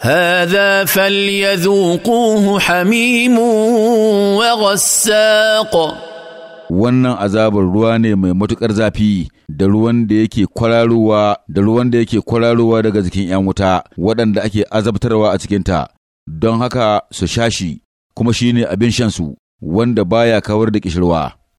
هذا فليذوقوه حميم وغساق wannan azabar ruwa ne mai matuƙar zafi da ruwan da yake kwararowa da ruwan da yake kwararowa daga jikin 'yan wuta waɗanda ake azabtarwa a cikinta don haka su sha shi kuma shi ne abin shansu wanda baya kawar da ƙishirwa.